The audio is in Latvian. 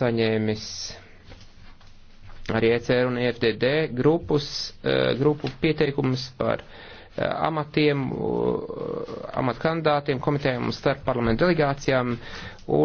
saņēmis arī ECR un EFDD grupus, eh, grupu pieteikumus par eh, amatiem, amatkandidātiem, komitējiem un starp parlamentu delegācijām. Un